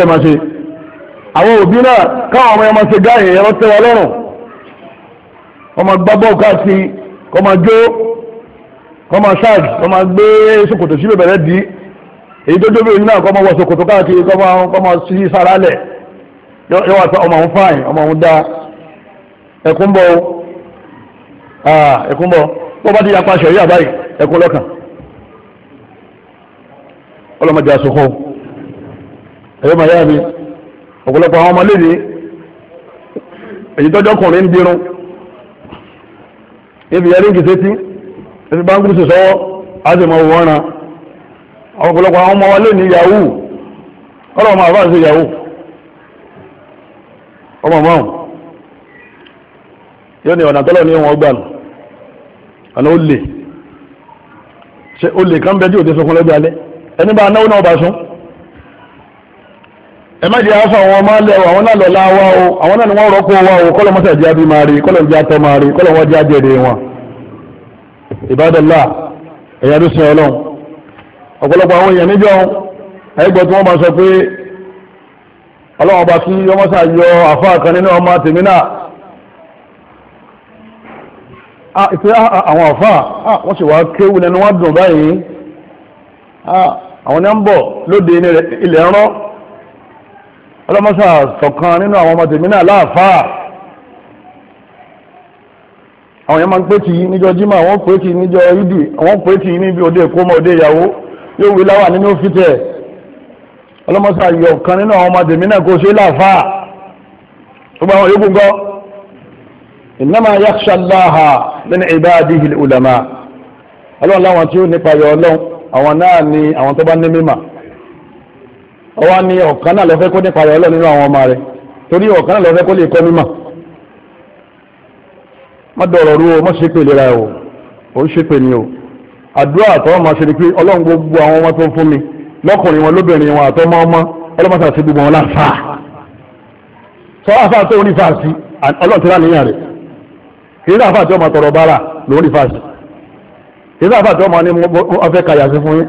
lọ lè àwọn òbí náà káwọn ọmọ ẹmọ ṣe gáàyè ẹ̀rọ tẹ́wọ́ lọ́rùn wọ́n máa gbá bọ́ọ̀ káàkiri kọ́ máa jó kọ́ máa ṣáàgì kọ́ máa gbé ṣòkòtò sí bẹ̀rẹ̀ dì í èyí tó dóbi òyìn náà kọ́ máa wọ ṣòkòtò káàkiri kọ́ máa kọ́ máa sí sára lẹ̀ yọ wà pé ọmọ òun fáìn ọmọ òun dáa ẹkún bọ́ ẹkún bọ́ bọ́ bá ti yapa aṣọ yíyà báyìí ẹkún lọ́kàn ọlọ́mọdé aṣọ kọ́ ẹ̀yọ́ màá yára mi. ọ̀pọ̀lọpọ̀ àwọn ọmọ léde èyí tọ́jọ́ ọkùnrin ń dirun níbi yẹríǹkì sétí níbi báńkì sọ̀sọ́wọ́ á sì mọ owó ọ̀ràn ọ̀pọ̀lọpọ̀ àwọn ọmọ ní yahoo ń ọmọ yóò ní ọ̀nà tọ́lọ̀ ní wọn gbà ọ̀nà tí ò ẹ má jẹ́ afa àwọn ọmọ alẹ́ o àwọn náà lọ́la wa o àwọn náà ni wọ́n rọ́pò wa o kọ́lọ́ mọ́tà jẹ́ abí máa rí kọ́lọ́ jẹ́ atọ́ máa rí kọ́lọ́ wọ́n jẹ́ ajẹ́dẹ́ wọn. ìbádọ́lá ẹ̀yà ló sin ọlọ́run ọ̀pọ̀lọpọ̀ àwọn èèyàn níjọ́ ẹgbẹ́ tí wọ́n máa sọ pé ọlọ́run ọba kí ọmọ sà yọ àfa kan nínú ọmọ tèmi náà ah, ìpè ah, ah, àwọn àfa wọ́n sì wá kéwù lẹ́nu wọ́n dùn báyìí àwọn ní ọlọ́mọsà sọ̀kan nínú àwọn ọmọ tèmi náà láàfáà àwọn yẹn máa ń pé tì í níjọ́ jimá àwọn pé tì í níjọ́ ìdì àwọn pé tì í níbi òde èkó ọmọ òde ìyàwó yóò wí láwà nínú fìtẹ̀ ọlọ́mọsà yọ̀kan nínú àwọn ọmọ tèmi náà kò ṣe láàfáà gbogbo àwọn yòókù gbọ́ innama yakhsha Allaha min ibadihi al-ulama ọlọ́run láwọn tí ó nípa yọ ọlọ́run àwọn náà ni àwọn tó bá ní mímà ọwọ́ ni ọ̀kan náà lọ́fẹ́ kó nípa rẹ̀ ọlọ́run nínú àwọn ọmọ rẹ̀ torí ọ̀kan náà lọ́fẹ́ kó lè kọ́ mímọ̀ má dọ̀rọ̀ ru o má ṣe pè lera o ò ń ṣe pè ní o àdúrà àtọ́ máa ṣe ni pé ọlọ́run gbogbo àwọn ọmọ tó fún mi lọ́kùnrin wọn lóbìnrin wọn àtọ́ máa mọ́ ọlọ́mọ sàṣẹ gbogbo wọn láfa sọ àfa tó ní fàásì ọlọ́run ti rà níyàn rẹ̀ kì í ní àfa tó máa tọrọ bára lòún ní fàásì kì í ní àfa tó máa ní ọfẹ́ kàyàsí fún yín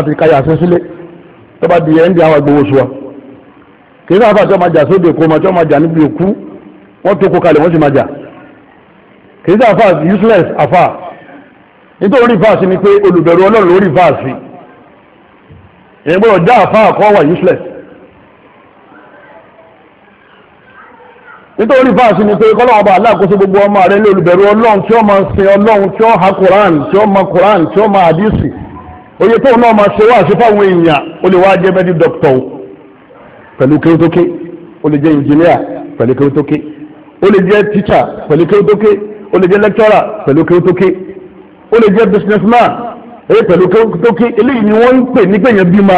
àti kàyàsí sílé tọ́ba di ẹ̀ ń di àwọn agbowó sùwà kì í sáfà tí wọ́n máa jà sóde kó máa tí wọ́n máa jà níbi òkú wọ́n tó kó kalẹ̀ wọ́n sì máa jà kì í sáfà useless afa nítorí orí fàásì ni pé olùbẹ̀rù ọlọ́run lórí fàásì èyí gbọ́dọ̀ já àfa àkọ́ wà useless nítorí fàásì ni pé kọ́lọ́wọ́ bá aláàkóso gbogbo ọmọ rẹ ní olùbẹ̀rù ọlọ́run tí ó máa sin ọlọ́run tí ó ha koran tí ó máa koran tí ó máa hadisi oye tó náà máa ṣe wá àṣẹ fáwọn èèyàn ó lè wá jẹ́ mẹ́dí dọ́kítọ̀ o pẹ̀lú kéwú tókè ó lè jẹ́ ìjìnlẹ́à pẹ̀lú kéwú tókè ó lè jẹ́ tíṣà pẹ̀lú kéwú tókè lè jẹ́ lẹ́kítọ́rà pẹ̀lú kéwú tókè lè jẹ́ businessman èyí e, pẹ̀lú kéwú tókè eléyìí ni wọ́n ń pè nígbà yẹn bímọ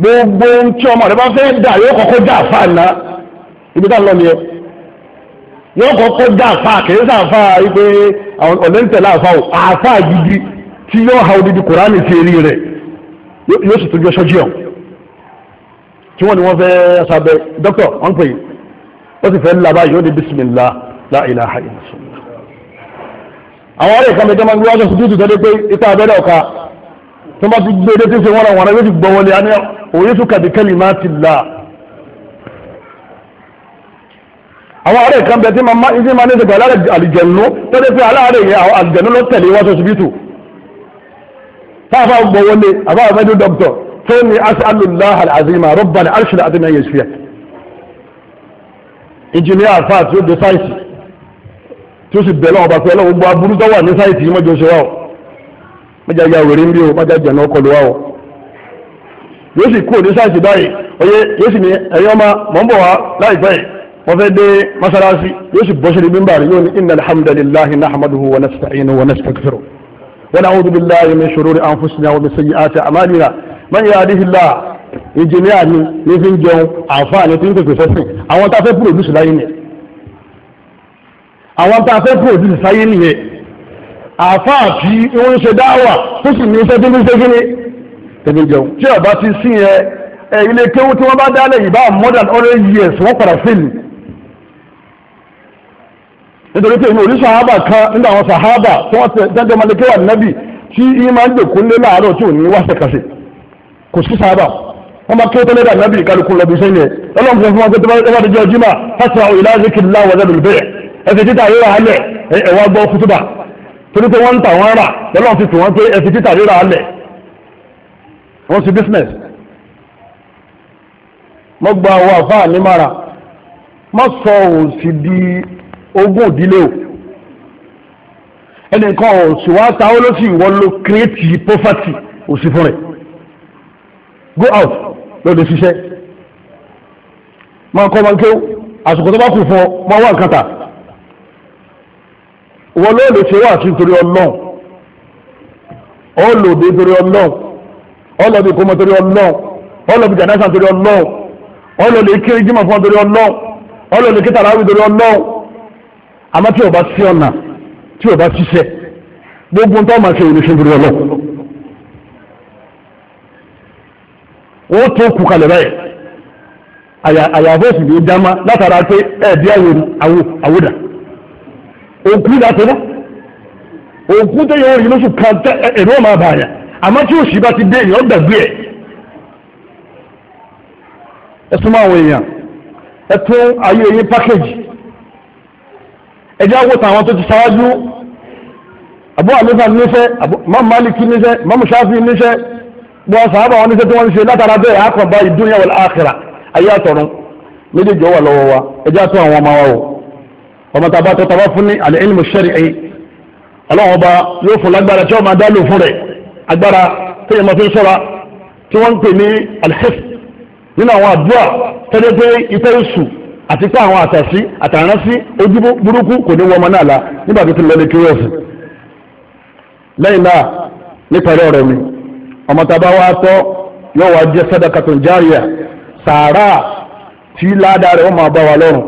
gbogbo ń tí ọmọ rẹ bá fẹ́ dà yóò kọ́kọ́ dà fà ná ibi tá a lọ nìyẹn yóò kọ́kọ́ dà fà kì gidi tí yóò ha odidi kuraani sí eré rẹ̀ yóò sì tún jọ sọ́jí ọ̀hún tí wọ́n ní wọ́n fẹ́ sábẹ́ dókítà wọ́n pè é ó sì fẹ́ labá yóò di bisimilá la ilaha illallah. àwọn ọ̀rẹ́ ìkànnì ìjọba ń gbé wájú sùdúù tó dé pé ipa abẹ́rẹ́ ọ̀ka tó bá ti gbé e dé tí ń ṣe wọ́n àwọn yóò ti gbọ́ wọlé àní òye tó kàdí kalimatillah. àwọn ọ̀rẹ́ ìkànnì ìjọba ń gbé wájú sùdúù tó dé pé aláàárẹ̀ táàbà gbọ́wọ́lé àbá àbẹ́dú dọ́kítọ̀ tó ní as'alullah al-azima rabbal arshil azim ẹ̀yẹ ìṣúyà ìjìnlẹ̀ àfáà tí ó dé sáìtì tí ó sì bẹ̀rẹ̀ ọba pẹ̀lú gbogbo aburú tó wà ní sáìtì yìí mọ́jọ ṣe wá o mọ́jà ya wèrè ń bí o mọ́jà jẹ̀nà ọkọlù wá o yóò sì kúrò ní sáìtì báyìí oyè yóò sì ní ẹ̀yọ́ ma mọ̀ ń bọ̀ wá láìpẹ́ yìí wọ́n fẹ́ dé masalasi yóò sì bọ́ sẹ́ni bímbà rẹ̀ yóò ní inna alhamdulillahi nahmaduhu wa nasta'inuhu wa nastaghfiruh ونعوذ بالله من شرور أنفسنا ومن سيئات أعمالنا من يهده الله ìjìnlẹ̀ àní ní fi ń jẹun àǹfààní tí ń pèpè fẹ́sìn àwọn tá a fẹ́ pòròdúsì láyé nìyẹn àwọn tá a fẹ́ pòròdúsì sáyé nìyẹn àáfàá tí wọ́n ń ṣe dáwà tó sì ní iṣẹ́ tó ń ṣe kí ni tẹ̀lé jẹun tí ọba ti sí yẹn ilé kéwú tí wọ́n bá dálẹ̀ yìí bá more than hundred years wọ́n padà fèlì nítorí pé o ò rí kan nínú àwọn sàhábà tí wọ́n ti dájọ́ malẹ́kẹ́wà nábì tí yín máa ń dèkú lé láàárọ̀ tí ò ní wá ṣẹkàṣẹ kò sí sàhábà wọ́n máa kí ó tẹ́lẹ̀ dà nábì kálukú lọ́bi sẹ́yìn ẹ̀ ọlọ́run fún wọn pé tó bá dẹjọ́ jimá fásitì àwọn ìlà zikiri láwọ̀ ọ̀dọ́ lùbẹ́ ẹ̀ ẹ̀sìn títà rírà alẹ̀ ẹ̀wà gbọ́ kútúbà torí pé wọ́n ń ogún òdílé o ẹnìkan ọ̀sùn wa ta ó ló sì wọ́n lo create poverty òsì fún rẹ̀ go out lọ́dọ̀ ṣiṣẹ́ máa kọ́ máa ń kéwò àsìkò tó bá kù fún ọ máa wà nǹkan tà wọ́n ló lè ṣe wá àti nítorí ọlọ́run ó lò dé nítorí ọlọ́run ó lọ bí kọ́mọ torí ọlọ́run ó lọ bí jàdásà torí ọlọ́run ó lọ lè kéré jímọ̀ fún ọ torí ọlọ́run ó lọ lè kí tàràwì torí ọlọ́run àmọ́ tí o bá sí ọ̀nà tí o bá ṣiṣẹ́ gbogbo tó máa ṣe oníṣẹ́ nítorí ọlọ́ wọ́n tó kù kalẹ̀ báyìí àyàfó sì lè dáma látara pé ẹ̀ẹ́dí àwòdà òkú látọ́lá òkú tó yẹ orin lóṣù kan ẹ̀rọ máa bàyà àmọ́ tí òṣì bá ti dé èèyàn gbàgbé ẹ̀ ẹ̀sùn máa wọ èèyàn ẹ̀tún ayé yín pákéjì ẹjẹ́ àwọn tàwọn tó ti ṣáwájú Abu Hanifa níṣẹ́ Imam Maliki níṣẹ́ Imam Shafi níṣẹ́ gbọ́ sàábà wọn níṣẹ́ tí wọ́n ń ṣe látara bẹ́ẹ̀ àkànbá ìdúnyà wal akhira ayé àtọ̀run méjèèjì wà lọ́wọ́ wa ẹjẹ́ àtọ́ àwọn ọmọ wa o ọmọ tàbá tó tàbá fún ní àlẹ́ ilmu shar'i ọlọ́run ọba yóò fún lágbára tí wọ́n máa dá lò fún rẹ̀ agbára tó yẹ mọ́ fi ń sọ́ra tí wọ́n ń pè ní alhif nínú àwọn àdúrà tẹ́lẹ̀ pé ìfẹ́ ìsù àti pé àwọn àtàsí àtàránsí ojú burúkú kò ní wọ́n ọmọ náà la nígbà tó ti lọ ní kírọ́ọ̀sì lẹ́yìn náà ọ̀rọ̀ mi ọmọ tàbá wa tọ́ yóò wá jẹ́ sàárà tí ládàá rẹ̀ wọ́n máa bá wa lọ́rùn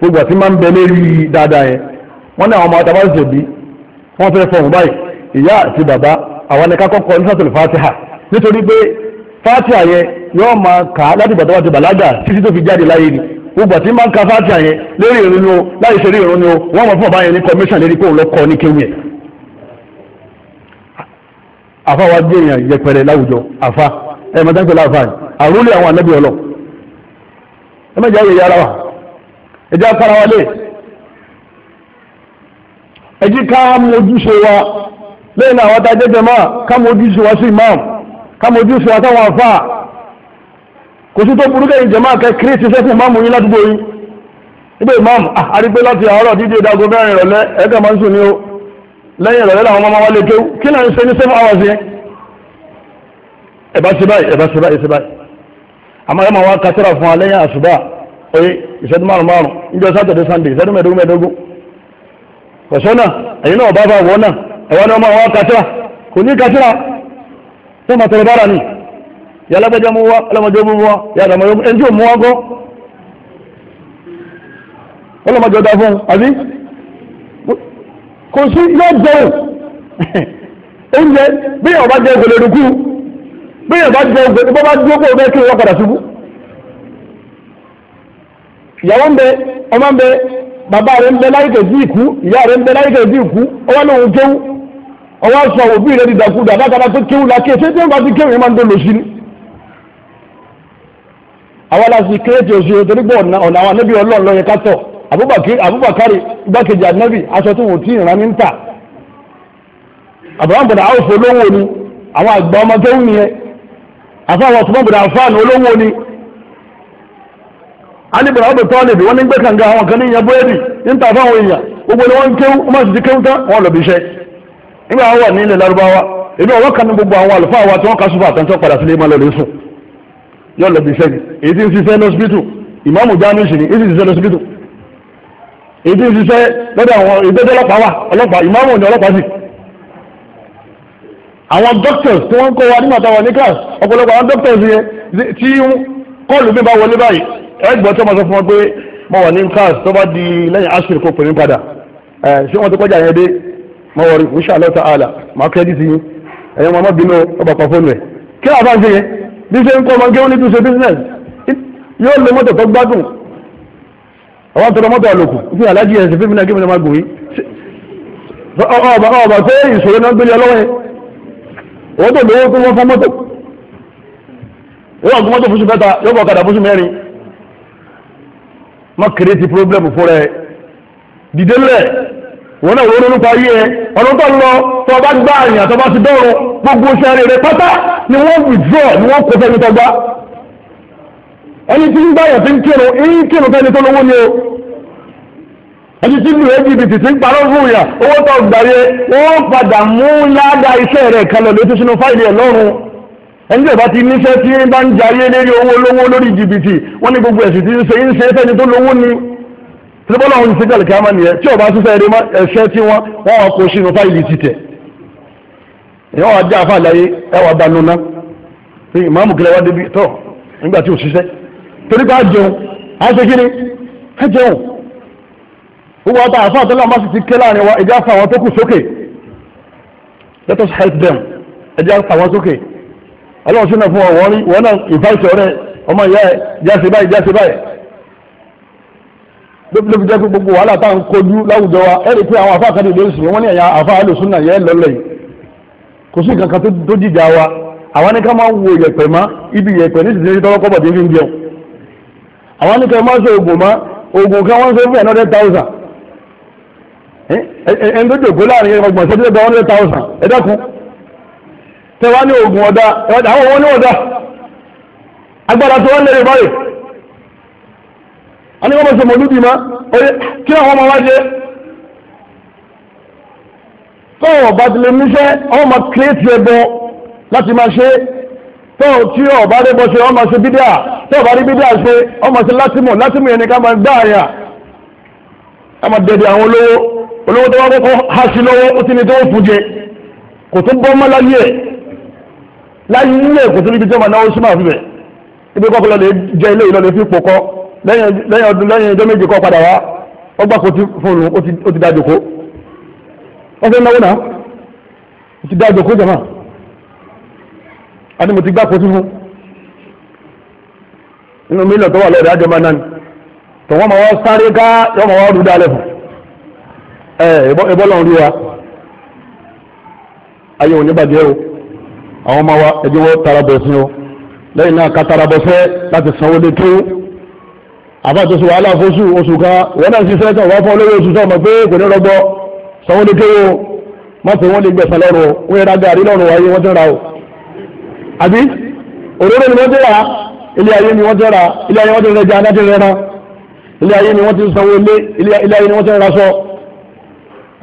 gbogbo àti máa ń bẹ lérí dáadáa yẹn wọ́n ní àwọn ọmọ tàbá ṣe bí wọ́n fẹ́ fọ̀hún báyìí ìyá àti bàbá àwọn ni ká kọ́kọ́ nítorí pé fatiha yẹn yóò máa kà á láti bàtà wá ti bàlágà títí tó fi jáde gbogbo àti máa ń ka fáàtì àyẹn lórí ìrún ni o láì ṣe rí ìrún ni o wọ́n mọ̀ fún ọ̀bá yẹn ní commission lérí pé òun lọ kọ́ ní kéwìn ẹ̀. àfa wa gbé èèyàn yẹpẹrẹ láwùjọ àfa ẹ mọ̀ dáńpẹ́ láàfa yìí àrólé àwọn anábì ọlọ ẹ mẹ́jọ ayẹyẹ ara wa ẹ jẹ́ apára wa lé ẹ jí ká mojúṣe wa lẹ́yìn àwọn adájẹ́jẹ́ máa ká mojúṣe wa sí imam ká mojúṣe wa táwọn àfa kò sí tó burú kẹ́yìn jẹ̀mọ́ àkẹ́ kírísì sẹ́kùn máàmù yín ládùúgbò yín nígbà ìmáàmù àrígbé ah, láti àárọ̀ dídí ìdágo mẹ́rin ìrọ̀lẹ́ ẹ̀ẹ́dẹ̀ máa ń sùn ní o lẹ́yìn ìrọ̀lẹ́ làwọn máa wá lè kéwú kí náà ń ṣe ní seven hours yẹn ẹ̀bá ṣe báyìí ẹ̀bá ṣe báyìí ṣe báyìí àmọ́ ẹ̀ máa wá kátàrà fún wa lẹ́yìn àṣùbà oye ìṣẹ́jú márùn márùn níjọ sátọ̀dẹ̀ sànńdé ìṣẹ́jú mẹ́ẹ̀ẹ́dógún mẹ́ẹ̀ẹ́dógún kọ̀ṣọ́ náà ẹ̀yin náà bá bá wọ́n náà ẹ̀wọ́n ni wọ́n máa yà lágbájá mú wá ọlọ́mọdé mú wá yà àdàmọ́dé mú ẹni tí ò mú wá gọ́ ọlọ́mọdé ọ̀dà fún un àbí kò sí yóò dẹ̀wò oúnjẹ bí yàrá bá jẹ ògèlè rúkú bí yàrá bá jẹ ògèlè bá bá dúró pé òbẹ́ kí wọ́n padà ṣubú ìyàwó ń bẹ ọmọ ń bẹ bàbá rẹ ń bẹ láyé kejì ìkú ìyá rẹ ń bẹ láyé kejì ìkú ọwọ́ lòun kéwú ọwọ́ sọ òbí rẹ dìdàkudà bàtàlà tó kéwú la kéwú ṣé tí wọ́n bá ti kéwú yẹn máa ń tó ni. àwọn aláṣẹ kéréjì oṣù torípọ̀ ọ̀nà àwọn anábì ọlọ́run lọ́yẹ kátọ̀ abubakar igbákejì anábì aṣọ tí wọ́n ti rán ní ta abraham bọ̀dà áwòfò olówó ni àwọn àgbà ọmọ kéwù nìyẹn àfáwọn ọ̀tún bọ̀dà àfáàní olówó ni alibọ̀dà ọ̀dọ̀ tọ́lẹ̀bì wọn ní gbé kànga àwọn kan ní ìyẹn bóyẹ́bì ní ta fáwọn èèyàn gbogbo ni wọ́n kéwù wọ́n sì ti kéwù tán lọ bí nígbà wọn wà ní ilẹ̀ Lárúbáwá èmi ọ̀wọ́ kan ní gbogbo àwọn àlùfáà wa tí wọ́n yóò lọ bí sẹ́ni èyí tí ń ṣiṣẹ́ lọ́sibítù ìmáàmù jáàmù sì ni èyí tí ń ṣiṣẹ́ lọ́sibítù èyí tí ń ṣiṣẹ́ lọ́dọ̀ àwọn ìgbẹ́jọ́ ọlọ́pàá wà ọlọ́pàá ìmáàmù ni ọlọ́pàá sì. àwọn doctors tí wọ́n ń kọ́ wa nígbà táwọn ní class ọ̀pọ̀lọpọ̀ àwọn doctors yẹn tí kọ́ọ̀lù mi bá wọlé báyìí ẹgbẹ́ tó máa sọ fún wọn pé mo wà ní class tó bá di lẹ́yìn asiri kó pè mí padà ṣé wọ́n ti kọjá yẹn dé mo wọ̀ rí insha Allah ta'ala máa kẹ́ẹ́dì sí yín ẹ̀yọ́ máa má bínú ọba pa fóònù ẹ̀ kí ló àbá ń ṣe yẹn bí ṣe ń kọ́ ọmọge ó ní tún ṣe business yóò lo mọ́tò tó gbádùn àwọn àtọ́rọ mọ́tò àlòkù fún aláàjì ẹ̀sìn fún mi náà kí mi náà máa gùn yìí ọba pé ìṣòro náà gbélé ọlọ́wọ́ yẹn owó tó lówó tó wọ́n fún mọ́tò wọ́n gún mọ́tò fúnṣu fẹ́ta yóò bọ̀ kadà fúnṣu mẹ́rin má kéré ti problem fún rẹ dìde lẹ́ẹ̀ wọn náà wọ́n nípa ayé ẹ ọ̀nà tó ń lọ tó ọba gbá àyàn tó bá ti dọ̀rọ̀ gbogbo iṣẹ́ rẹ̀ pátá ni wọ́n withdraw ni wọ́n kó fẹ́ni tó gbá ẹni tí ń gbáyàn tí ń kírun ń kírun fẹ́ni tó lówó ni o ẹni tí lu jìbìtì tí ń parọ́ fún ìyà owó tó gbàyẹ wọ́n padà mú ládàá iṣẹ́ rẹ̀ kalẹ̀ lótú sínú fáìlì ẹ̀ lọ́rùn ẹni tí ìbá ti níṣẹ́ tí bá ń jayé lérí owó lówó lórí jìbìtì wọ́n ní gbogbo ẹ̀sìn tí ń ṣe ń ṣe fẹ́ni tó lówó ni. tìrìbọ́lá ọ̀hún ìṣẹ́jọ́ lè kíámà nìyẹn tí sísẹ́ eré ẹ̀ṣẹ́ tí wọ́n wọ́n kó sínú fáìlì títẹ̀ wà dé àfa àlàyé ẹwà ìmáàmù wá débi tọ̀ nígbà tí torí pé a jẹun a ṣe kí ni a jẹun gbogbo ọta àfa àtọ́lá má sì ti ké láàrin wa ẹ̀jẹ̀ àfa àwọn tó kù sókè let us help them ẹ̀jẹ̀ àfa àwọn sókè ọlọ́run sínú fún ọ náà ọmọ ìyá lóbi lóbi jẹ́ pé gbogbo wàhálà tá à ń kojú láwùjọ wa ẹ̀rí pé àwọn àfáà kan dìde ń sìn wọ́n ní ẹ̀yà àfáà lò súnà yẹn lọ́lẹ̀ yìí kò sí kankan tó jìjà wa àwọn ní ká máa wo yẹ̀pẹ̀ má ibi yẹ̀pẹ̀ ní ìsinyìí tọ́wọ́ kọ́bọ̀ dín fi ń jẹun àwọn ní ká máa ṣe oògùn má oògùn kan wọ́n ṣe fún another thousand ẹni tó jòkó láàrin ọgbọ̀n ṣe tó hundred thousand ẹ dákun tẹ wá ní oògùn ọ̀dà àwọn owó ní ani ní wọ́n mọ̀ sí mọ̀lúdì mọ́ oye kí àwọn ọmọ wa ṣe tọ́wọ̀ bá ti lè níṣẹ́ àwọn ọmọ kírètì ẹbọ láti máa ṣe tọ́wọ̀ tí ọba rẹ́bọ ṣe ọmọ ṣe bídíà tọ́wọ̀ bá rí bídíà ṣe ọmọ ṣe látìmọ̀ látìmọ̀ yẹn ni ká máa gbá àyà ká máa dẹ̀dẹ̀ àwọn olówó olówó tó wá kọ́kọ́ há sí lọ́wọ́ ó ti ní tó fún jẹ kò tó bọ́ mọ́ láyé ẹ̀ láyé ilé kò tó níbi tí ọmọ náà ó sì máa fi bẹ̀ ibi kọ́kọ́ lọ lẹ́yìn ọdún lẹ́yìn ọjọ́ méje kọ́ padà wá ó gbà kó fóònù ó ti dá jòkó wọ́n fẹ́ náwó náà ó ti dá jòkó jẹ̀mọ́ mo ti gbà kó fún inú tó wà náà ni ma wọ́n sáré ká yọ́ ma wọ́n rú dálẹ̀ fún rí wa wa àbá tó ṣe wàhálà fóṣù oṣù kan wọn náà ṣiṣẹ́ tán wọ́n fọ́ lórí oṣù sọ́mọ pé kò ní rọgbọ sanwó ní kéwò má ṣe wọ́n lè gbẹ̀sán lọ́rùn wọ́n yẹra gàrí lọ́rùn wáyé wọ́n ti ra o àbí òróró ni wọ́n ti rà ilé ayé ni wọ́n ti rà ilé ayé wọ́n ti rẹja aná ti rẹran ilé ayé ni wọ́n ti sanwó ilé ilé ayé ni wọ́n ti raṣọ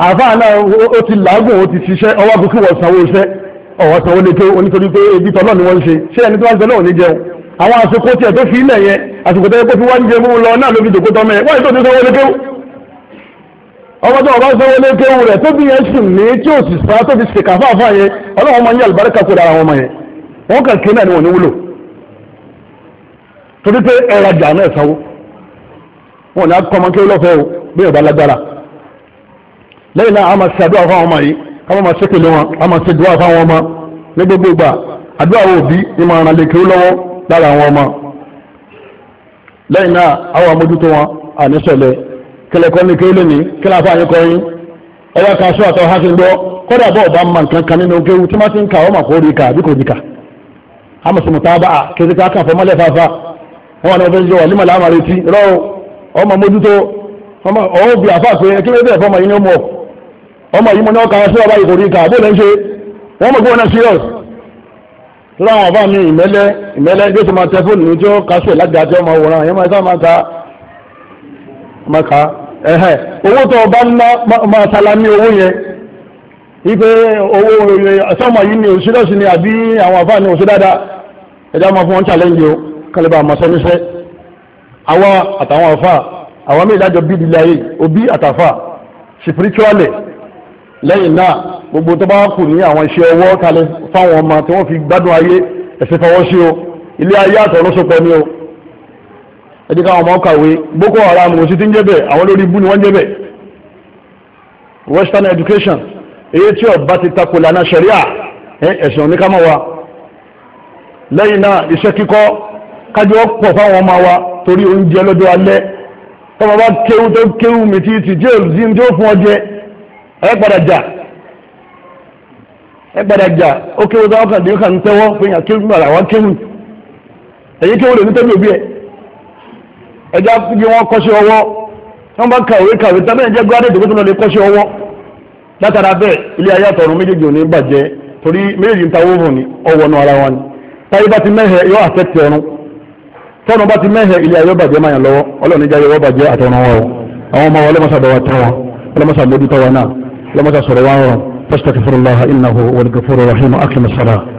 àáfàá náà ó ti làágùn ó ti ṣiṣẹ́ ọwọ́ àkókò wọ̀ sanwó iṣẹ́ ọ̀wọ́ sanwó ní kéwò onítorí pé ibi tọ́lọ́ ni wọ́n ń ṣe ṣé ẹni tó wá ń tọ́lọ́ ò ní jẹun àwọn àsokò àsìkò tó yẹ kó fi wọ́n jẹ mú lọ náà ló fi dòkó tọ́mọ ẹ̀ wọ́n ètò tó sanwó lékéwù ọmọ tó ọba sanwó lékéwù rẹ̀ tóbi yẹn sì ní tí ò sì sá tóbi sì kà fáfá yẹn ọlọ́wọ́n máa ń àlùbáríkà kó dára wọn mọ yẹn wọn kàn kí náà ni wọn ní wúlò torí pé ẹ̀rọ àjà náà sanwó wọn ò ní akọ ọmọ kéwù lọ́fẹ̀ẹ́ o bí ọba lágbára lẹ́yìn náà a máa ṣe àdúrà fáwọn ọmọ yìí a máa ṣe lẹ́yìn náà àwọn amójútó wọn àníṣẹ̀lẹ̀ kílẹ̀kọ́ ní kéwìlì ní kílàfà yín kọrin ọwọ́ kan aṣọ àtọ́ hafi gbọ́ kọ́dà bọ́ọ̀ bá ma nǹkan kan nínú kéwù tí wọ́n ti ń kà ọmọ kó rí kà bí kò rí kà amọ̀sùnmù tá a bá a kéde ká kà fọmọ́lẹ̀ fàáfà wọn ni wà ọmọ àfà pé kí tura àwọn àbá mi ìmẹ́lẹ́ ìmẹ́lẹ́ bí ó ti máa tẹ fóònù ní tí ó kásù ẹ̀ lágbàá tí ó máa wòran yẹn máa sá máa ka máa owó tó o bá ń ná máa salami owó yẹn wípé owó sọ́mọ yìí ni òṣìlọ́sì ni àbí àwọn àbá ni òṣìlọ́ dáadáa ẹ̀dá máa fún wọn challenge o kálíbà àmọ́ sọ́níṣẹ́ àwa àtàwọn àfa àwọn méjì lájọ bíi ìdílé ayé òbí àtàfà spiritually lẹ́yìn náà gbogbo tó bá kù ní àwọn iṣẹ́ ọwọ́ kalẹ̀ fáwọn ọmọ tí wọ́n fi gbádùn ayé ẹ̀sìn fọwọ́ sí o ilé ayé àtọ̀ lọ́sọpọ̀ ni o ẹ jẹ́ káwọn ọmọ kàwé boko haram kò sí ti ń jẹ́ bẹ́ẹ̀ àwọn lórí ibú ni wọ́n jẹ́ bẹ́ẹ̀ western education èyí tí ọba ti takò lànà ṣẹ̀ríà ẹ̀sìn oníkàmọ́ wa lẹ́yìn náà iṣẹ́ kíkọ́ kájọ́ pọ̀ fáwọn ọmọ wa torí oúnjẹ lọ́jọ́ alẹ́ tọ́wọ́ bá kéwú tó kéwú ẹ gbọ́dọ̀ jà ẹ gbọ́dọ̀ jà ó kéwù táwọn kan dèéka ń tẹ́wọ́ fún yàn kéwù gbàrà wá kéwù èyí kéwù lè ní tẹ́lẹ̀ òbí ẹ ẹjá bí wọ́n kọ́ṣẹ́ ọwọ́ wọ́n bá kàwé kàwé tàbí ẹ̀jẹ̀ gbádùn tó tó lọ lè kọ́ṣẹ́ ọwọ́ látara bẹ́ẹ̀ ilé ayé àtọ̀run méjèèjì ò ní torí méjèèjì ń tawó hàn ní ọwọ́ náà ara wọn ni táyé bá ti yọ bá ti لما تصروا فاستغفر الله إنه هو الغفور الرحيم وأقم الصلاة